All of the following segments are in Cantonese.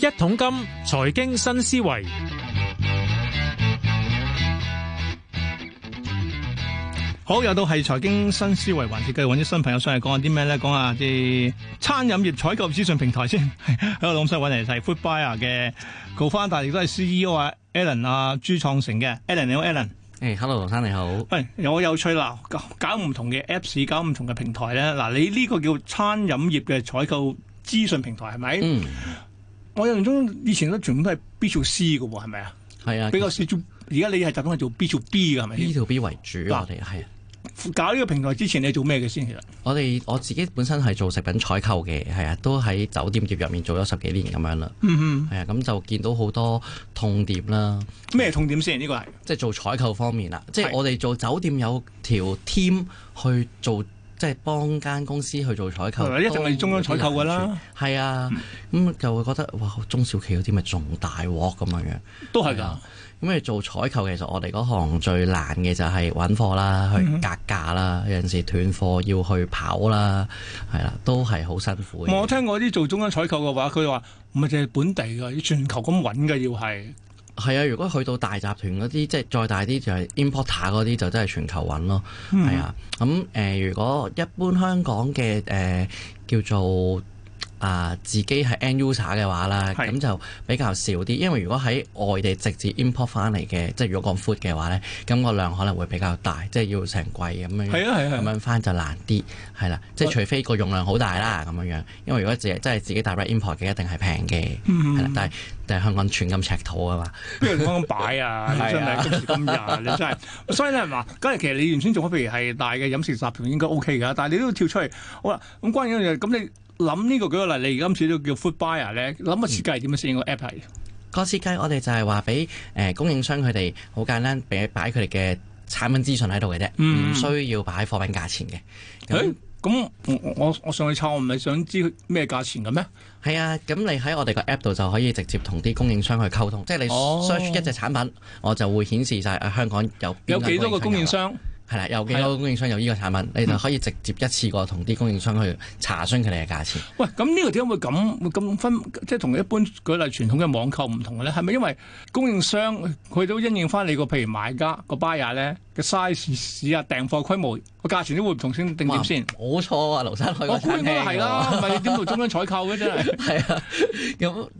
一桶金財經新思維，好又到係財經新思維，環節繼續揾啲新朋友上嚟講下啲咩咧？講下啲餐飲業採購資訊平台先。hello， 老細揾嚟就係 Food Buyer 嘅，Co-founder，但亦都係 CEO 啊，Alan 啊，朱創城嘅，Alan 你好，Alan，誒、hey,，hello，羅生你好。喂、哎，有我有趣啦，搞唔同嘅 apps，搞唔同嘅平台咧。嗱，你呢個叫餐飲業嘅採購資訊平台係咪？嗯。Mm. 我印象中以前都全部都係 B to C 嘅喎，係咪啊？係啊，比較少做。而家你係特登係做 B to B 嘅，係咪？B to B 為主，啊、我哋係。啊、搞呢個平台之前你做咩嘅先？其實我哋我自己本身係做食品採購嘅，係啊，都喺酒店業入面做咗十幾年咁樣啦。嗯哼。係啊，咁就見到好多痛點啦。咩痛點先？呢、呢個係即係做採購方面啦。啊、即係我哋做酒店有條 team 去做。即係幫間公司去做採購，一定係中央採購㗎啦在。係啊，咁就、嗯、會覺得哇，中小企嗰啲咪仲大鑊咁樣。都係㗎。咁你做採購其實我哋嗰行最難嘅就係揾貨啦，去格價啦，嗯、哼有陣時斷貨要去跑啦，係啦，都係好辛苦，嗯。我聽過啲做中央採購嘅話，佢話唔係淨係本地㗎，要全球咁揾㗎要係。係啊，如果去到大集團嗰啲，即係再大啲，就係 importer 嗰啲，就真係全球搵咯。係啊、嗯，咁誒、呃，如果一般香港嘅誒、呃、叫做。啊，自己係 N.U. 查嘅話啦，咁是就比較少啲，因為如果喺外地直接 import 翻嚟嘅，即係如果講 food 嘅話咧，咁、那個量可能會比較大，即係要成櫃咁樣，係啊係啊，咁、啊啊、樣翻就難啲，係啦、啊，啊、即係除非個容量好大啦，咁樣樣，因為如果自即係自己大筆 import 嘅，一定係平嘅，但係香港寸金尺土啊嘛，不如可以咁擺啊？ 你真係今時今日，所以咧話，嗰日其實你原先做開，譬如係大嘅飲食集團應該 O.K. 噶，但係你都要跳出嚟，好啦，咁關於呢樣嘢，咁你。諗呢個舉個例，你而今次都叫 food buyer 咧，諗個設計點樣先個 app 係、嗯？那個設計我哋就係話俾誒供應商佢哋好簡單，俾擺佢哋嘅產品資訊喺度嘅啫，唔、嗯、需要擺貨品價錢嘅。咁我、欸、我上去抄，我唔係想知咩價錢嘅咩？係啊，咁你喺我哋個 app 度就可以直接同啲供應商去溝通，即係你 search 一隻產品，哦、我就會顯示曬香港有有幾多個供應商。係啦，有幾多個供應商有呢個產品，的你就可以直接一次過同啲供應商去查詢佢哋嘅價錢。喂，咁呢個點解會咁會咁分？即係同一般舉例傳統嘅網購唔同嘅咧，係咪因為供應商佢都因應翻你個譬如買家個 buyer 咧嘅 size 市啊訂貨規模個價錢都會唔同先定點先？冇錯啊，劉生，我估應該係啦，係咪點到中央採購嘅真係？係啊，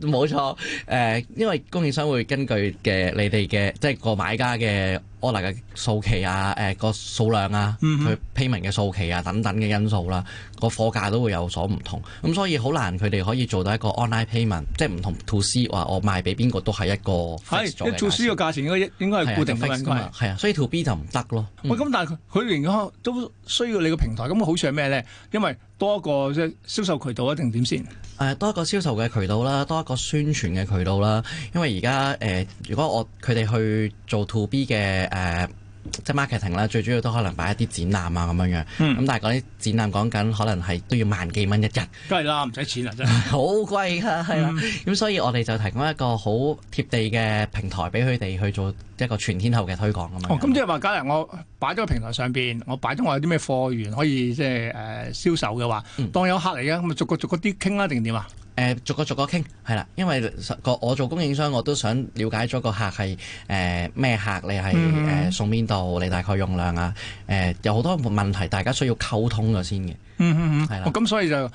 冇錯誒，因為供應商會根據嘅你哋嘅即係個買家嘅。online 嘅、哦、數期啊，誒、呃、個數量啊，佢 payment 嘅數期啊等等嘅因素啦、啊，個貨價都會有所唔同，咁、嗯嗯、所以好難佢哋可以做到一個 online payment，即係唔同 to C 話我賣俾邊個都係一個喺一 to C 嘅價錢的的應該應該係固定咁貴，係啊，所以 to B 就唔得咯。喂、嗯，咁、嗯、但係佢佢連都需要你個平台，咁好處係咩咧？因為多一個銷售渠道一定點先？誒，多一個銷售嘅渠道啦，多一個宣傳嘅渠道啦。因為而家誒，如果我佢哋去做 to B 嘅誒。呃即係 marketing 啦，最主要都可能擺一啲展覽啊咁樣樣。咁、嗯、但係嗰啲展覽講緊可能係都要萬幾蚊一日。梗係啦，唔使錢啊真係。 好貴㗎係啦。咁、啊嗯嗯、所以我哋就提供一個好貼地嘅平台俾佢哋去做一個全天候嘅推廣咁樣。咁即係話，假、就、如、是、我擺咗個平台上邊，我擺咗我有啲咩貨源可以即係誒銷售嘅話，嗯、當有客嚟吖咁咪逐個逐個啲傾啊定點啊？誒逐個逐個傾係啦，因為個我做供應商，我都想了解咗個客係誒咩客，你係誒送邊度，你大概用量啊？誒、呃呃、有好多問題，大家需要溝通咗先嘅、嗯。嗯啦。咁、嗯的哦、所以就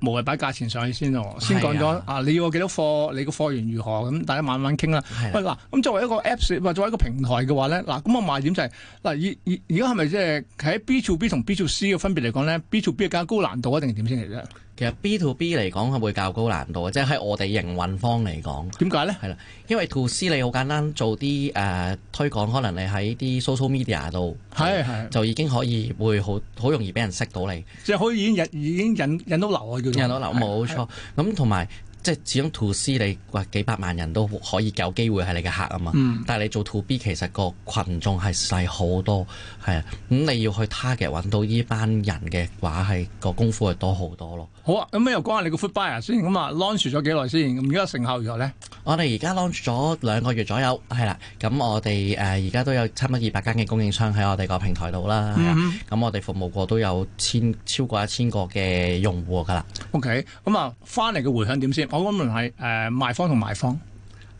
無謂擺價錢上去先咯，先講咗的啊！你要幾多貨？你個貨源如何？咁大家慢慢傾啦。喂的，嗱、啊，咁作為一個 Apps，唔係作為一個平台嘅話咧，嗱、啊，咁我賣點就係、是、嗱，而而家係咪即係喺 B to B 同 B to C 嘅分別嚟講咧？B to B 更加高難度一定係點先嚟啫？其實 B to B 嚟講係會較高難度嘅，即係喺我哋營運方嚟講。點解咧？係啦，因為 to C 你好簡單，做啲誒、呃、推廣，可能你喺啲 social media 度，係係，就已經可以會好好容易俾人識到你。即係可以引引已經引已經引到流啊，叫引到流冇錯，咁同埋。即係始終 to C 你話幾百萬人都可以有機會係你嘅客啊嘛，嗯、但係你做 to B 其實個群眾係細好多，係啊，咁、嗯、你要去 target 揾到呢班人嘅話係個功夫係多好多咯。好啊，咁啊又講下你個 food buyer 先，咁、嗯、啊 launch 咗幾耐先？咁而家成效如何咧？我哋而家 launch 咗兩個月左右，係啦，咁我哋誒而家都有差唔多二百間嘅供應商喺我哋個平台度啦，咁、嗯、哼我哋服務過都有千超過一千個嘅用戶㗎啦。OK，咁啊翻嚟嘅回響點先？我嗰門係誒賣方同賣方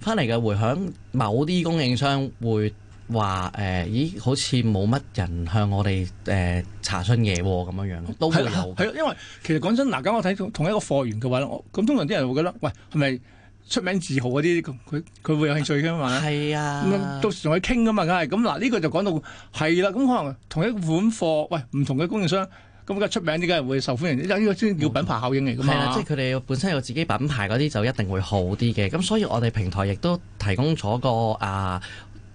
翻嚟嘅回響，某啲供應商會話誒、呃，咦，好似冇乜人向我哋誒、呃、查詢嘢喎、啊，咁樣樣咯，都會有。係咯、啊啊，因為其實講真，嗱，咁我睇到同一個貨源嘅話咧，我咁通常啲人會覺得，喂，係咪出名字號嗰啲佢佢會有興趣嘅嘛？係啊，到時同佢傾噶嘛，梗係咁嗱。呢個就講到係啦，咁、啊、可能同一款貨，喂，唔同嘅供應商。咁嘅出名啲解係會受歡迎，呢個先叫品牌效應嚟。嘛？係啊， 即係佢哋本身有自己品牌嗰啲，就一定會好啲嘅。咁所以，我哋平台亦都提供咗個啊。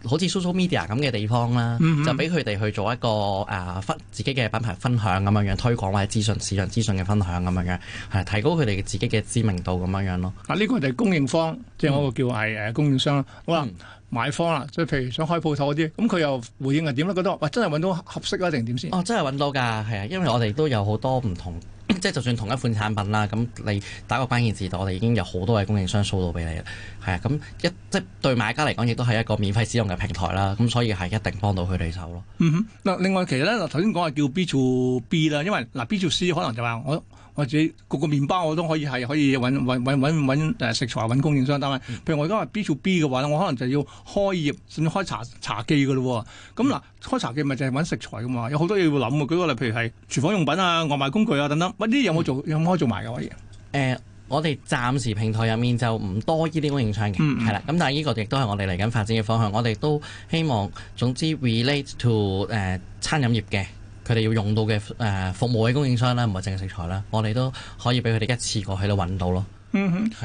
好似 social media 咁嘅地方啦，嗯嗯就俾佢哋去做一個誒分、啊、自己嘅品牌分享咁樣樣，推廣或者資訊市場資訊嘅分享咁樣樣，係提高佢哋嘅自己嘅知名度咁樣樣咯。嗱、啊，呢、呢個就係供應方，即係我個叫係誒供應商啦。好啦，嗯、買方啦，即係譬如想開鋪頭啲，咁佢又回應係點咧？覺得喂，真係揾到合適啊，定係點先？哦，真係揾到㗎，係啊，因為我哋都有好多唔同。即係就算同一款產品啦，咁你打個關鍵字，我哋已經有好多位供應商掃到俾你啦。係啊，咁一即係對買家嚟講，亦都係一個免費使用嘅平台啦。咁所以係一定幫到佢哋手咯。嗯哼，嗱，另外其實咧，頭先講係叫 B to B 啦，因為嗱 B to C 可能就話我。或者焗個麵包，我都可以係可以揾揾揾揾揾食材揾供應商，但係譬如我而家話 B to B 嘅話咧，我可能就要開業甚至開茶茶記嘅咯喎。咁嗱，嗯、開茶記咪就係揾食材嘅嘛，有好多嘢要諗。舉個例，譬如係廚房用品啊、外賣工具啊等等，呢啲有冇做、嗯、有冇可以做埋嘅可以？誒、呃，我哋暫時平台入面就唔多呢啲供應商嘅，係啦、嗯。咁但係呢個亦都係我哋嚟緊發展嘅方向。我哋都希望總之 relate to 誒、uh，餐飲業嘅。佢哋要用到嘅誒服務嘅供應商啦，唔係淨係食材啦，我哋都可以俾佢哋一次過去到、嗯、度揾到咯。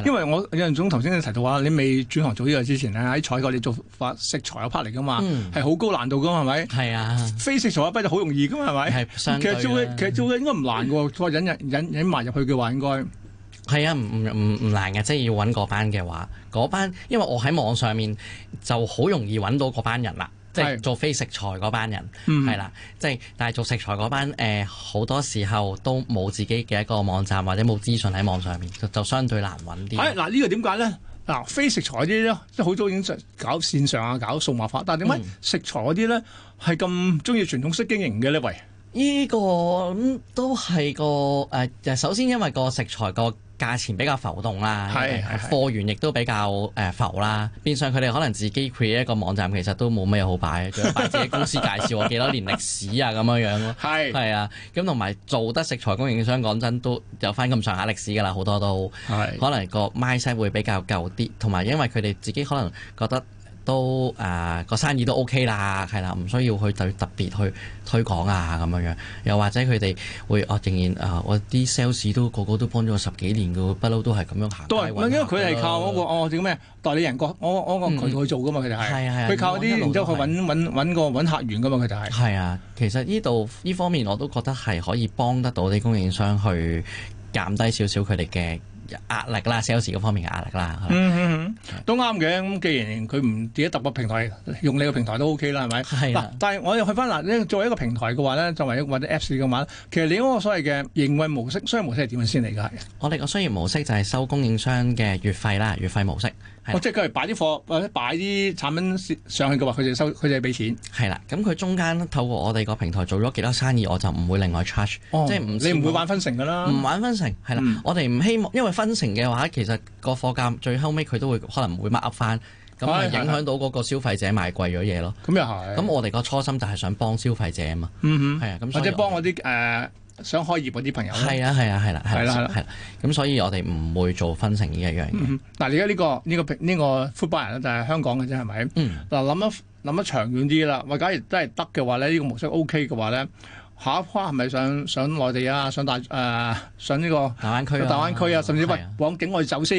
因為我楊總頭先咧提到話，你未轉行做呢個之前喺採購你做發食材嗰 part 嚟噶嘛，係好高難度噶，係咪？係啊，非食材嗰 part 就好容易噶，係咪？係相，其實做嘅其實做嘅應該唔難噶喎。再引引引埋入去嘅話，應該係啊，唔唔唔唔難嘅，即係要揾嗰班嘅話，嗰班因為我喺網上面就好容易揾到嗰班人啦。即係是做非食材嗰班人，係啦、嗯，即係但係做食材嗰班誒，好、呃、多時候都冇自己嘅一個網站，或者冇資訊喺網上面，就就相對難揾啲。係嗱，這個、呢個點解咧？嗱、呃，非食材啲咧，即係好早已經搞線上啊，搞數碼化，但係點解食材嗰啲咧係咁鍾意傳統式經營嘅呢？喂，依、這個咁、嗯、都係個誒、呃，首先因為個食材個。價錢比較浮動啦，貨的源亦都比較誒浮啦，的變相佢哋可能自己 create 一個網站，其實都冇咩好擺，仲要擺自己公司介紹我幾多年歷史啊，咁 樣樣咯。係係啊，咁同埋做得食材供應商，講真都有翻咁上下歷史㗎啦，好多都的可能個 mindset 會比較舊啲，同埋因為佢哋自己可能覺得。都誒個、啊、生意都 OK 啦，係啦，唔需要去特特別去,去推廣啊咁樣樣，又或者佢哋會哦仍然誒、啊，我啲 sales 都個個都幫咗我十幾年嘅，不嬲都係咁樣行。都係對，因為佢係靠嗰、嗰個哦叫咩代理人個，我我個佢去做噶嘛，佢就係、是。係係係。一路都係。佢靠啲然之後去揾揾揾個揾客源噶嘛，佢就係。係啊，其實呢度呢方面我都覺得係可以幫得到啲供應商去減低少少佢哋嘅。壓力啦，sales 嗰方面嘅壓力啦，力啦，嗯，嗯嗯，對都啱嘅。咁既然佢唔自己突破平台，用你個平台都 OK 啦，係咪的？係啦，但係我要去翻嗱，作為一個平台嘅話咧，作為一個或者 Apps 嘅話，其實你嗰個所謂嘅營運模式、商業模式係點樣先嚟㗎？係我哋個商業模式就係收供應商嘅月費啦，月費模式。Oh, 即係佢係擺啲貨或者擺啲產品上去嘅話，佢就收佢就係俾錢。係啦，咁佢中間透過我哋個平台做咗幾多生意，我就唔會另外 charge。、哦、即係唔你唔會玩分成㗎啦，唔玩分成係啦，嗯、我哋唔希望，因為分成嘅話，其實個貨價最後尾佢都會可能會 mark 返，咁啊影響到嗰個消費者買貴咗嘢咯。咁又係，咁我哋個初心就係想幫消費者啊嘛。嗯哼、嗯，係、嗯、啊，咁或者幫我啲誒。呃想開業嗰啲朋友咧，係啊係啊係啦，係啦係啦。咁所以我哋唔會做分成呢一樣嘢，但嗱，而家呢個呢個呢個 foodbuyer 咧就係香港嘅啫，係咪？嗱，諗一諗得長遠啲啦。話假如真係得嘅話咧，呢個模式 OK 嘅話咧，下一波係咪上上內地啊？上大誒上呢個？大灣區大灣區啊，甚至喂往境外走先。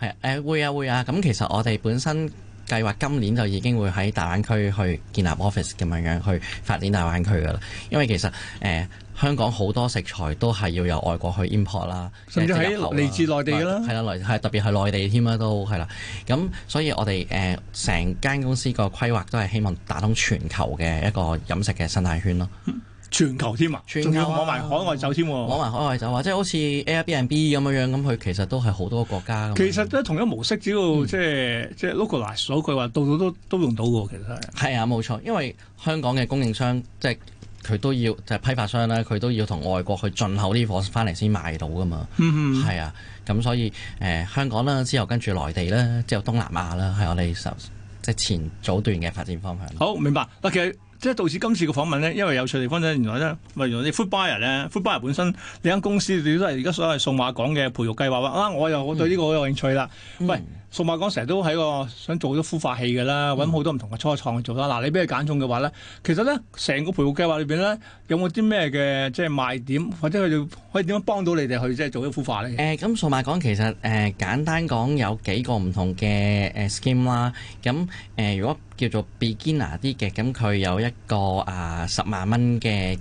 係誒會啊會啊！咁其實我哋本身。計劃今年就已經會喺大灣區去建立 office，咁樣樣去發展大灣區噶啦，因為其實誒、呃、香港好多食材都係要由外國去 import 啦，甚至係嚟自內地啦，係啦、啊，係、啊、特別係內地添啦，都係啦。咁、啊啊、所以我哋誒成間公司個規劃都係希望打通全球嘅一個飲食嘅生態圈咯。嗯全球添啊，全球。攞埋海外走添、啊，攞埋海外走、啊，或、就、者、是、好似 Airbnb 咁嘅樣，咁佢其實都係好多個國家。其實咧，同一模式，只要、就是嗯、即係即係 localize 嗰句話，到到都都，都用到嘅，其實係。啊，冇錯，因為香港嘅供應商，即係佢都要就係、是、批發商咧，佢都要同外國去進口啲貨翻嚟先賣到㗎嘛。嗯係、嗯、啊，咁所以誒、呃，香港啦，之後跟住內地啦，之後東南亞啦，係我哋十即係前組段嘅發展方向。好，明白。得嘅。即係到此今次嘅訪問呢，因為有趣地方呢，原來呢，咪原來啲 foodbuyer 呢，foodbuyer 本身你間公司佢都係而家所謂數碼港嘅培育計劃話，啊我又對呢個好有興趣啦。喂、mm.，數碼港成日都喺個想做咗孵化器㗎啦，揾好多唔同嘅初創去做啦。嗱、mm.，你俾佢揀中嘅話呢，其實呢，成個培育計劃裏邊呢，有冇啲咩嘅即係賣點，或者佢哋可以點樣幫到你哋去即係做咗孵化呢？咁、嗯、數碼港其實誒簡單講有幾個唔同嘅誒 scheme 啦。咁誒，如果叫做 beginner 啲嘅，咁佢有一一個啊呃、十萬蚊嘅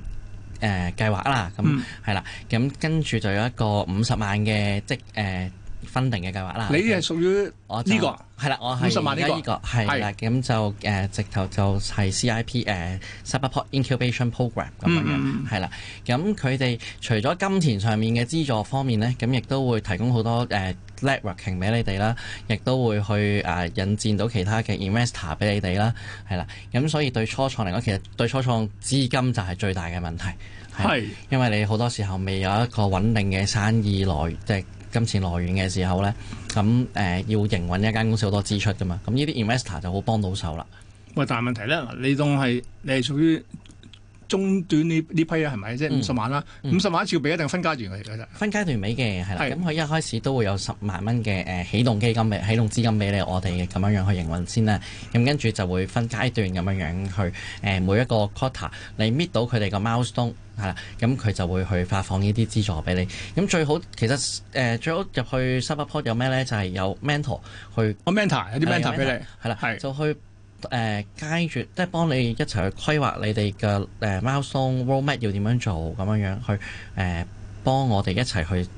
誒計劃啦，咁係啦，咁、嗯、跟住就有一個五十萬嘅即誒。呃分定嘅計劃啦，你係屬於呢、這個係啦，我係五十萬呢個係啦，咁就誒直頭就係 CIP 誒、uh, Startup Incubation Program 咁樣嘅係啦。咁佢哋除咗金錢上面嘅資助方面咧，咁亦都會提供好多誒、uh, Networking 俾你哋啦，亦都會去誒引薦到其他嘅 Investor 俾你哋啦，係啦。咁所以對初創嚟講，其實對初創資金就係最大嘅問題，係的因為你好多時候未有一個穩定嘅生意來即。就是金錢來源嘅時候咧，咁誒、呃、要營運一間公司好多支出㗎嘛，咁呢啲 investor 就好幫到手啦。喂，但係問題咧，你仲係，你係屬於？中短呢呢批啊，係咪即係五十萬啦？五十萬一次要俾，一定分階段嚟分階段俾嘅係啦，咁佢一開始都會有十萬蚊嘅誒起動基金、起動資金俾你，我哋咁樣樣去營運先啦。咁跟住就會分階段咁樣樣去誒每一個 quarter，你搣到佢哋個 milestone 係啦，咁佢就會去發放呢啲資助俾你。咁最好其實誒最好入去 support 有咩咧？就係有 mentor 去，我 mentor 有啲 mentor 俾你係啦，係就去。誒，接住、呃、即係幫你一齊去規劃你哋嘅誒，milestone、roadmap 要點樣做咁樣樣，去誒，幫我哋一齊去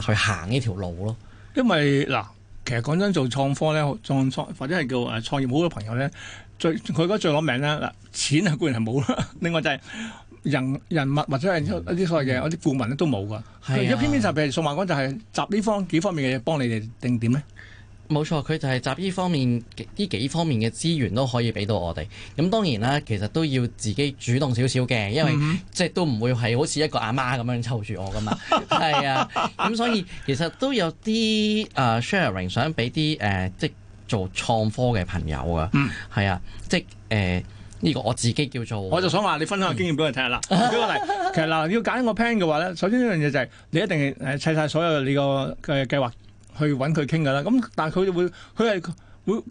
去行呢條路咯。因為嗱，其實講真，做創科咧，創創或者係叫誒創業，好多朋友咧，最佢而家最攞命啦。嗱，錢係固然係冇啦，另外就係人人物或者係一啲所謂嘅、嗯、一啲顧、嗯、問咧都冇噶。如果偏偏就譬如數碼港，就係集呢方幾方面嘅嘢幫你哋定點咧。冇錯，佢就係集呢方面，呢幾方面嘅資源都可以俾到我哋。咁當然啦，其實都要自己主動少少嘅，因為、mm hmm. 即係都唔會係好似一個阿媽咁樣湊住我㗎嘛。係 啊，咁所以其實都有啲誒、uh, sharing，想俾啲誒即係做創科嘅朋友啊。嗯、mm，係、hmm. 啊，即係誒呢個我自己叫做我就想話你分享個經驗俾我哋聽下啦，俾 我嚟。其實嗱，要揀一個 plan 嘅話咧，首先一樣嘢就係你一定誒砌晒所有呢個嘅計劃。去揾佢傾嘅啦，咁但係佢會，佢係。會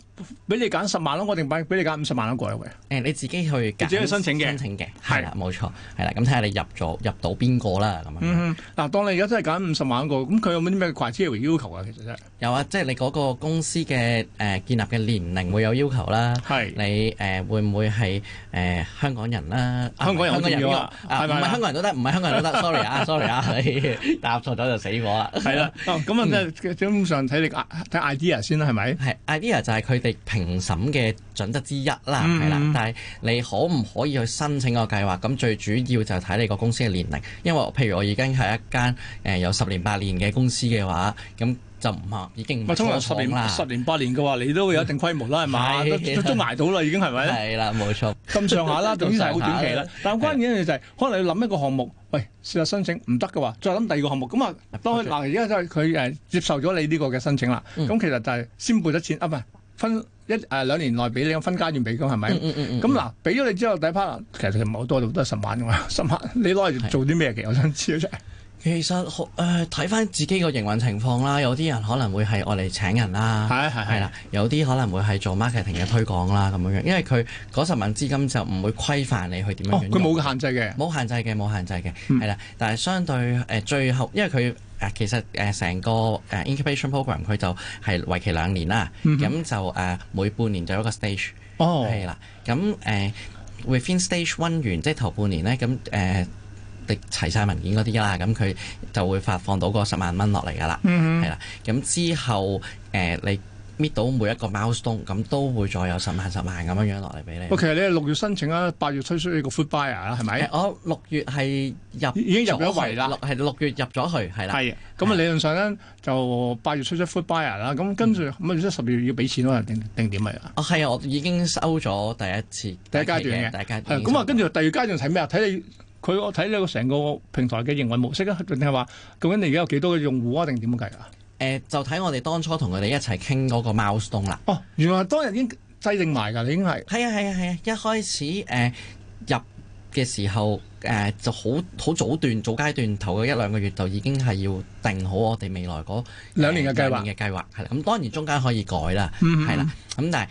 俾你揀十萬咯，我定俾你揀五十萬一個有冇？誒，你自己去自己去申請嘅，申請嘅，係啦，冇錯，係啦，咁睇下你入咗入到邊個啦。咁嗱，當你而家真係揀五十萬一個，咁佢有冇啲咩 criteria 要求啊？其實真係有啊，即係你嗰個公司嘅誒建立嘅年齡會有要求啦。係。你誒會唔會係誒香港人啦？香港人唔要啦，唔係香港人都得，唔係香港人都得。Sorry 啊，Sorry 啊，你答錯咗就死火啦。係啦，哦咁啊，基本上睇你睇 idea 先啦，係咪？係 idea。就係佢哋評審嘅準則之一啦，係啦。但係你可唔可以去申請個計劃？咁最主要就係睇你個公司嘅年齡，因為譬如我已經係一間誒有十年八年嘅公司嘅話，咁就唔可已經十年八年嘅話，你都有一定規模啦，係嘛？都都捱到啦，已經係咪咧？係啦，冇錯。咁上下啦，總係好短期啦。但係關鍵一就係可能你諗一個項目，喂，試下申請唔得嘅話，再諗第二個項目。咁啊，當嗱而家佢誒接受咗你呢個嘅申請啦。咁其實就係先撥得錢，啊分一誒、呃、兩年內俾你，分階段俾，咁係咪？咁嗱，俾咗、嗯嗯嗯、你之後，第一 part 其實唔係好多，都係十萬嘅嘛，十萬。你攞嚟做啲咩其實？是的 我想知嘅。真其實好誒，睇、呃、翻自己個營運情況啦。有啲人可能會係我嚟請人啦，係係係啦。有啲可能會係做 marketing 嘅推廣啦咁樣，因為佢嗰十萬資金就唔會規範你去點樣樣。哦，佢冇限制嘅，冇限制嘅，冇限制嘅，係啦、嗯。但係相對誒、呃、最後，因為佢誒其實誒成、呃、個誒、呃、incubation program 佢就係為期兩年啦。咁、嗯、哼就誒、呃、每半年就有一個 stage。哦，係啦。咁誒 within stage one 完，即係頭半年咧，咁、呃、誒。呃的齊曬文件嗰啲啦，咁佢就會發放到嗰十萬蚊落嚟噶啦，係啦、嗯。咁之後誒、呃，你搣到每一個 milestone，咁都會再有十萬十萬咁樣樣落嚟俾你。我其實你六月申請啊，八月推出呢個 Food Buyer 啦，係咪？我六月係入已經入咗去啦，係六月入咗去，係啦。係咁啊，理論上咧的就八月推出 Food Buyer 啦，咁跟住咁即十月要俾錢咯，定定點啊？哦，係啊，我已經收咗第一次第一階段嘅，係咁啊，跟住第二階段睇咩啊？睇你。佢我睇你個成個平台嘅營運模式啊，定係話究竟你而家有幾多嘅用戶啊，定點樣計啊？誒、呃，就睇我哋當初同佢哋一齊傾嗰個 mouse stone 啦。哦，原來當日已經制定埋噶，你已經係。係、嗯、啊係啊係啊，一開始誒。呃嘅時候，誒、呃、就好好早段、早階段頭嘅一兩個月就已經係要定好我哋未來嗰、呃、兩年嘅計劃嘅計劃，係啦。咁、嗯、當然中間可以改啦，係啦、嗯。咁、嗯、但係誒、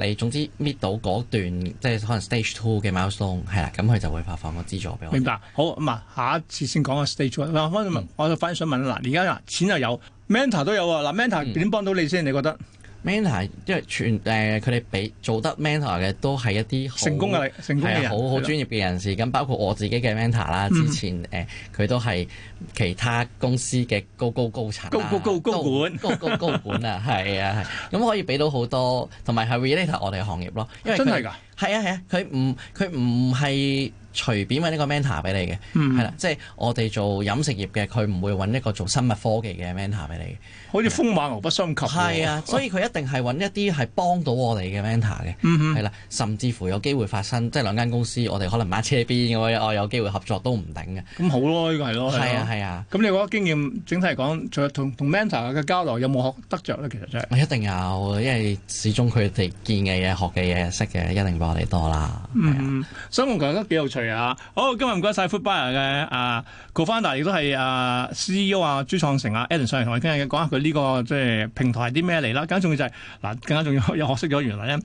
呃，你總之搣到嗰段，即係可能 stage two 嘅 milestone，係啦，咁佢就會發放個資助俾我。明白。好，咁啊，下一次先講下 stage two。嗱、嗯，我反想問啦，嗱，而家嗱錢又有 mentor 都有喎，嗱 mentor 點幫到你先？你覺得？嗯 mentor 因為全誒佢哋俾做得 mentor 嘅都係一啲成功嘅，成功嘅人，係好好專業嘅人士。咁了包括我自己嘅 mentor 啦、嗯哼，之前誒佢、呃、都係其他公司嘅高高高層、高，高高高高管、高，高高高管啊，係啊， 咁可以俾到好多，同埋係 related 我哋嘅行業咯。因為真係噶？係啊係啊，佢唔佢唔係隨便揾一個 mentor 俾你嘅，係啦、嗯，即係我哋做飲食業嘅，佢唔會揾一個做生物科技嘅 mentor 俾你嘅，好似風馬牛不相及。係的啊，所以佢一定係揾一啲係幫到我哋嘅 mentor 嘅，係啦、嗯哼，甚至乎有機會發生，即係兩間公司我哋可能馬車邊咁我有機會合作都唔頂嘅。咁好咯，呢個係咯，係啊係啊。咁你覺得經驗整體嚟講，同 mentor 嘅交流有冇學得着？咧？其實真、就、係、是。一定有，因為始終佢哋見嘅嘢、學嘅嘢、識嘅一定比我哋多啦。所以我覺得幾有趣。好，今日唔該晒 FoodBuyer 嘅啊 Co-founder，亦都係啊 CEO 啊朱創城啊 Alan 上嚟，同我今日講下佢呢、這個即係、就是、平台係啲咩嚟啦。更加重要就係嗱，更加重要又學識咗原來咧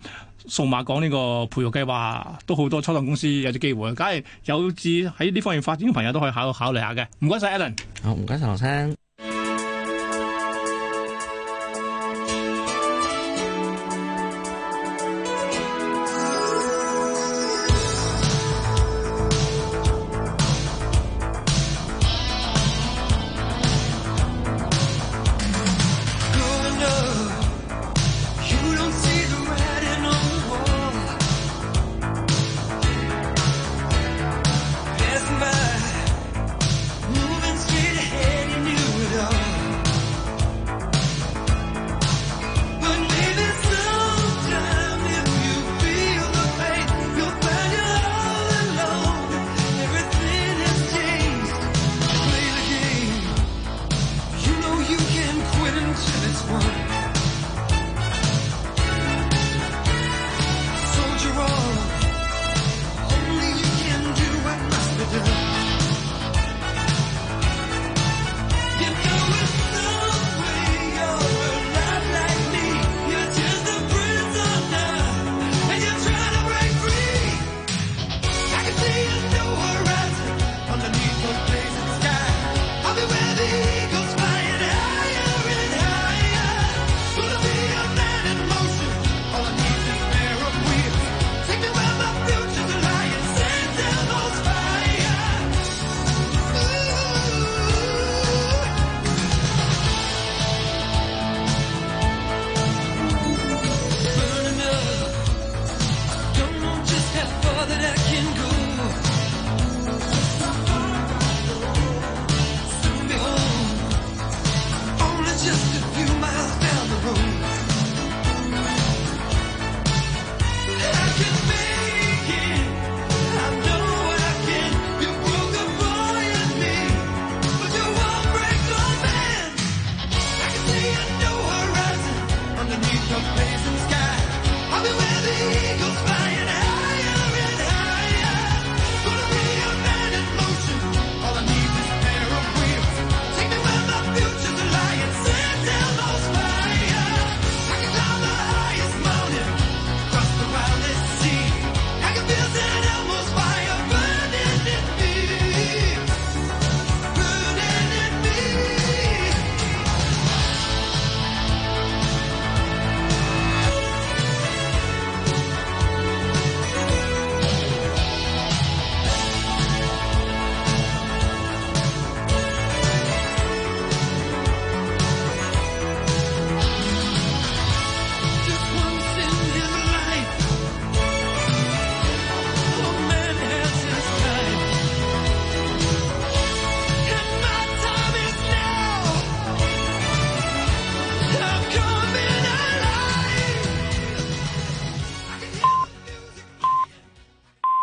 數碼港呢個培育計劃都好多初創公司有啲機會，梗係有志喺呢方面發展嘅朋友都可以考考慮下嘅。唔該晒 Alan，好唔該晒劉生。